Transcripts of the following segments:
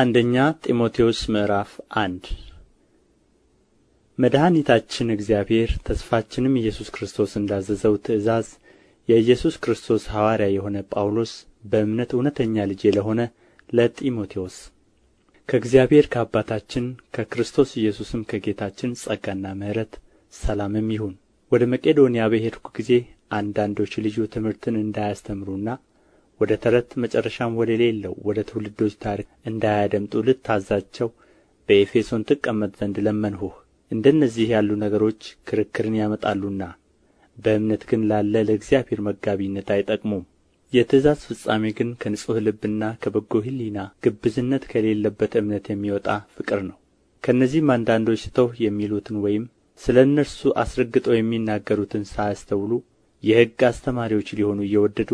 አንደኛ ጢሞቴዎስ ምዕራፍ አንድ መድኃኒታችን እግዚአብሔር ተስፋችንም ኢየሱስ ክርስቶስ እንዳዘዘው ትእዛዝ የኢየሱስ ክርስቶስ ሐዋርያ የሆነ ጳውሎስ በእምነት እውነተኛ ልጄ ለሆነ ለጢሞቴዎስ ከእግዚአብሔር ከአባታችን ከክርስቶስ ኢየሱስም ከጌታችን ጸጋና ምሕረት ሰላምም ይሁን። ወደ መቄዶንያ በሄድኩ ጊዜ አንዳንዶች ልዩ ትምህርትን እንዳያስተምሩና ወደ ተረት መጨረሻም ወደሌለው ወደ ትውልዶች ታሪክ እንዳያደምጡ ልታዛቸው በኤፌሶን ትቀመጥ ዘንድ ለመንሁህ እንደነዚህ ያሉ ነገሮች ክርክርን ያመጣሉና በእምነት ግን ላለ ለእግዚአብሔር መጋቢነት አይጠቅሙም። የትእዛዝ ፍጻሜ ግን ከንጹሕ ልብና ከበጎ ሕሊና ግብዝነት ከሌለበት እምነት የሚወጣ ፍቅር ነው። ከእነዚህም አንዳንዶች ስተው የሚሉትን ወይም ስለ እነርሱ አስረግጠው የሚናገሩትን ሳያስተውሉ የሕግ አስተማሪዎች ሊሆኑ እየወደዱ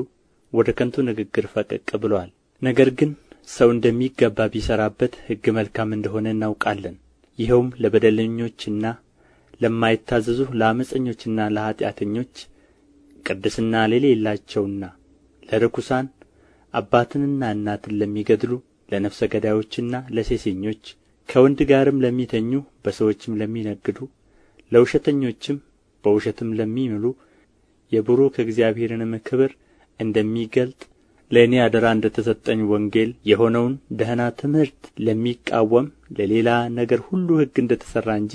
ወደ ከንቱ ንግግር ፈቀቅ ብሏል። ነገር ግን ሰው እንደሚገባ ቢሰራበት ሕግ መልካም እንደሆነ እናውቃለን ይኸውም ለበደለኞችና ለማይታዘዙ ለአመፀኞችና ለኀጢአተኞች ቅድስና ለሌላቸውና ለርኩሳን አባትንና እናትን ለሚገድሉ ለነፍሰ ገዳዮችና ለሴሰኞች ከወንድ ጋርም ለሚተኙ በሰዎችም ለሚነግዱ ለውሸተኞችም በውሸትም ለሚምሉ የብሩክ እግዚአብሔርንም ክብር እንደሚገልጥ ለእኔ አደራ እንደ ተሰጠኝ ወንጌል የሆነውን ደህና ትምህርት ለሚቃወም ለሌላ ነገር ሁሉ ሕግ እንደ ተሠራ እንጂ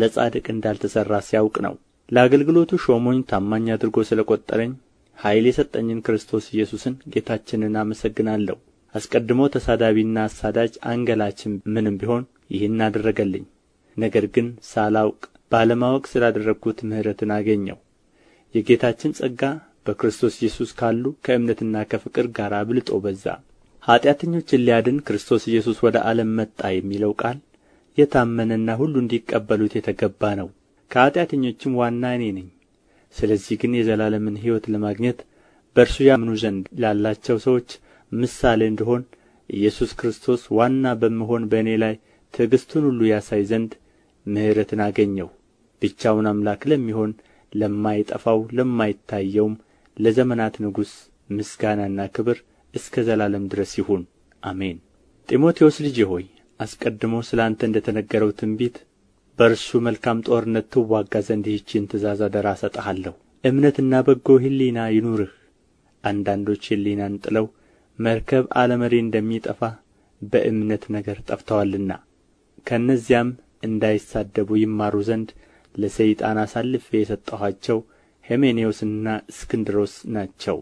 ለጻድቅ እንዳልተሠራ ሲያውቅ ነው ለአገልግሎቱ ሾሞኝ ታማኝ አድርጎ ስለ ቈጠረኝ ኃይል የሰጠኝን ክርስቶስ ኢየሱስን ጌታችንን አመሰግናለሁ አስቀድሞ ተሳዳቢና አሳዳጅ አንገላችም ምንም ቢሆን ይህን አደረገልኝ ነገር ግን ሳላውቅ ባለማወቅ ስላደረግሁት ምሕረትን አገኘው የጌታችን ጸጋ በክርስቶስ ኢየሱስ ካሉ ከእምነትና ከፍቅር ጋር አብልጦ በዛ ኃጢአተኞችን ሊያድን ክርስቶስ ኢየሱስ ወደ ዓለም መጣ የሚለው ቃል የታመነና ሁሉ እንዲቀበሉት የተገባ ነው ከኃጢአተኞችም ዋና እኔ ነኝ ስለዚህ ግን የዘላለምን ሕይወት ለማግኘት በእርሱ ያምኑ ዘንድ ላላቸው ሰዎች ምሳሌ እንድሆን ኢየሱስ ክርስቶስ ዋና በመሆን በእኔ ላይ ትዕግሥቱን ሁሉ ያሳይ ዘንድ ምሕረትን አገኘሁ ብቻውን አምላክ ለሚሆን ለማይጠፋው ለማይታየውም ለዘመናት ንጉሥ ምስጋናና ክብር እስከ ዘላለም ድረስ ይሁን አሜን ጢሞቴዎስ ልጄ ሆይ አስቀድሞ ስለ አንተ እንደ ተነገረው ትንቢት በእርሱ መልካም ጦርነት ትዋጋ ዘንድ ይህችን ትእዛዝ አደራ እሰጥሃለሁ። እምነትና በጎ ሕሊና ይኑርህ። አንዳንዶች ሕሊናን ጥለው መርከብ አለመሪ እንደሚጠፋ በእምነት ነገር ጠፍተዋልና፣ ከእነዚያም እንዳይሳደቡ ይማሩ ዘንድ ለሰይጣን አሳልፌ የሰጠኋቸው ሄሜኔዎስና እስክንድሮስ ናቸው